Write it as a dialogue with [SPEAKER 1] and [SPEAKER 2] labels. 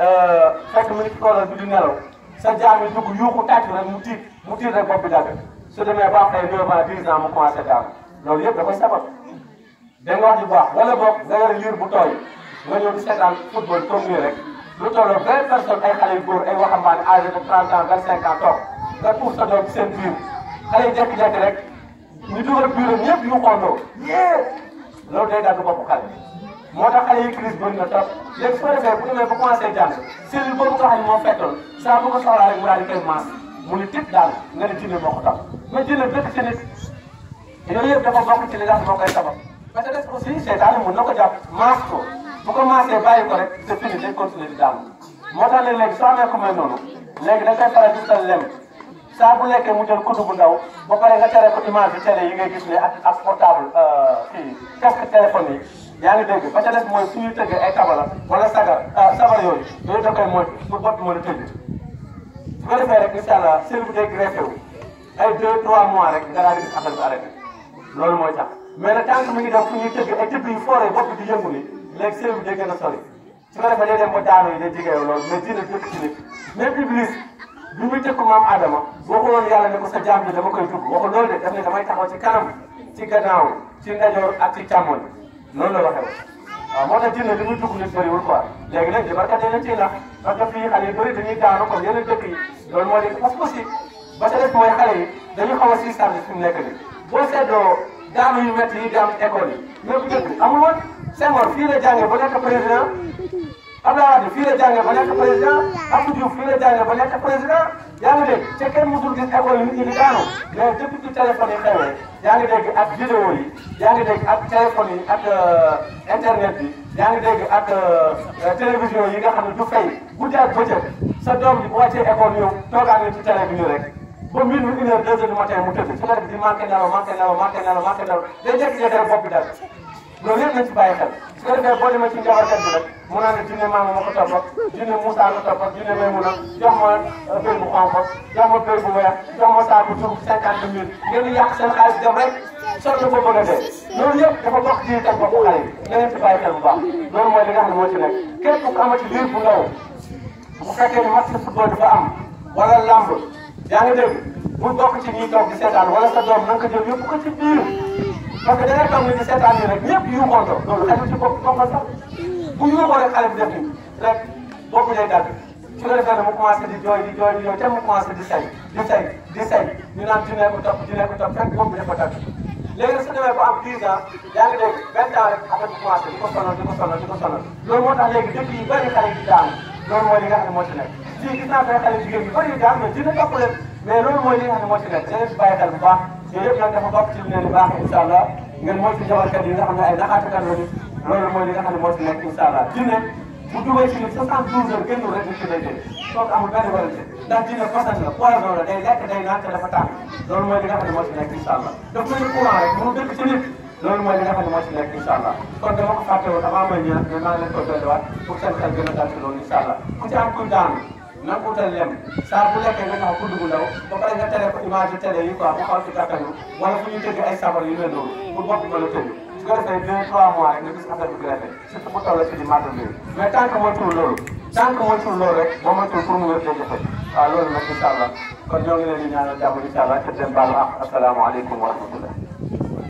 [SPEAKER 1] Euh, fekk mu ngi ko bi di nelaw sa jaam yi dugg yuuxu tàcc rek mu tiit mu tiit rek bopp bi dagg a demee baax ay 9 ans 10 ans mu commencé daal loolu yëpp da koy sabab. da nga wax ju baax wala boog nga yore liir bu tooy nga ñëw di seetaan football toog nii rek lu tolloo vingt personnes ay xale yu góor ay waxambaane âgé de 30 ans 25 ans toog nga tuur sa doom seen biir xale yu jékki-jékki rek ñu dugal biiram ñëpp yu xondoo yee loolu day dagg bopp xale. moo tax xale yi crise bëri na trop léegi su ko defee bu demee ba commencé jàng cellule boobu nga xam ne moo fekkoon saa bu ko soxlaa rek mu daal di koy maas mu ni tip daal nga ne jinne moo ko tax mais jinne dëkk ci nit yooyu yëpp dafa bokk ci li nga xam moo koy sabab parce que aussi seetaan mën na ko jàpp maas ko bu ko maasee bàyyi ko rek c'est fini day continuer di daal moo tax ne léegi soo amee ku mel noonu léegi da koy faral di tal lem saa bu lekkee mu jël kuddu bu ndaw ba pare nga tere ko image bi télé yi ngay gis ne ak ak portable euh, kii casque téléphone yi yaa ngi dégg ba ca mooy suñuy tëgg ay tabala wala sagar sa ah, sabar yooyu yooyu da koy mooy pour bopp mën a tëgg su ko defee rek incha allah sëriñ bi day greffé wu ay deux trois mois rek nga daal di gis affaire bi arrêté loolu mooy tax mais nag tant que mi ngi def fu ñuy tëgg ay tëgg yu fooree bopp di yëngu ni léegi sëriñ bi day gën a sori su ko defee day dem ba daanu yi day jigéew loolu mais dina dëkk ci nit mais Iblis bi muy maam Adama waxuloon yàlla sa jaam bi dama koy dugg waxul loolu de daf ne damay taxaw ci kanam ci gannaaw ci ndajoor ak noonu la waxee waaw moo tax jinne bi muy dugg nit bëriwul quoi léegi nag jibarkat yi lañ ciy nax parce que fii xale yu bëri dañuy daanu comme yeneen dëkk yi loolu moo leen ëpp aussi ba ca def mooy xale yi dañu xaw a système bi fi mu nekk nii boo seetloo daanu yu métti yi di am école yi mais bu njëkk amul woon Senghor fii la jàngee ba nekk président Abdoulaye Wade fii la a ba nekk président Abdou Diouf fii la jàngee ba nekk yaa ngi dégg te mu mësul gis école yi nit ñi di daanu mais depuis que téléphone yi xewee yaa ngi dégg ak vidéo yi yaa ngi dégg ak téléphone yi ak euh, internet bi yaa ngi dégg ak euh, euh, télévision yi nga xam ne du fay guddi ak bëccëg sa doom bi bu wàccee école yow toogaan nga ci télé bi ñu rek ba minuit une heure deux heures du matin mu tëdd sa bi di manqué nelaw manqué nelaw manqué nelaw manqué nelaw day jékki bopp dal loolu yëpp nañ ci bàyyi xel su ko defee boo demee ci njabarkat bi rek mu naa ne junne maama ma ko topp ak junne Moussa ko topp ak junne Maymuna jox ma béy euh, bu xonq jox ma béy bu weex jox ma saabu tur cinquante mille ngeen di yàq seen xaalis dem rek a dee loolu na ngeen ci bàyyi xel bu baax loolu mooy li nga xam ne moo ci nekk képp liir bu ndaw bu fekkee ni match football dafa am wala lamb yaa ngi dégg bu bokk ci ñuy toog di seetaan wala sa doom na nga ko jël yóbbu ci biir parce que da ngay toog ni di seetaan ni rek ñëpp yuuxoo ko loolu xajul ci bopp boppam sax bu yuuxoo rek xale bi def nii rek boobu day dagg su ko defee mu commencé di jooy di jooy di jooy te mu commencé di say di say di say ñu naan junee ko topp junee ko topp fekk boobu dafa dagg léegi nag su demee ba am 10 ans yaa ngi dégg benn temps rek affaire bi commencé di ko sonal di ko sonal di ko sonal loolu moo tax léegi dëkk yu bëri xale yi di daanu loolu mooy li nga xam ne moo ci nekk fii gis naa fay xale jigéen yu bëri yu daanu mais dina topp leen mais loolu mooy li nga xam ne moo ci nekk dinañ bàyyi xel bu baax yooyu yëpp nag dafa bokk ci lu leen baax incha ngeen mooy ci jabarkat yi nga xam ne ay naxaatukat la mooy li nga xam ne moo ci nekk incha allah dina bu duggee ci nit 72 heures génnul rek nit ki day jël kooku amul benn wala ndax dina fasan la poison nga xam ne moo ci nekk incha allah daf koy courant rek mu dëkk ci mooy li nga xam ne nekk incha allah kon dama ko fàtte woon avant may ñëw mais maa ngi leen ko dolliwaat pour seen xel gën a dal ci loolu incha allah na nga ko utal lem saa bu lekkee nga a kudd bu ndaw ba pare nga tere ko image télé yi quoi bu xaw ci kattanu wala fu ñuy tëgg ay sabar yu mel noonu pour bopp mën a tëgg su ko a deux trois mois rek nga gis affaire bi di rafet surtout bu toll ci di màggal bi mais tant que moytuwul loolu tant que moytuwul loolu rek boo moytuwul mu wér day jafe waaw loolu nag incha allah kon ñoo ngi leen di ñaanal jàmm incha allah te dem baalu ak asalaamaaleykum wa rahmatullah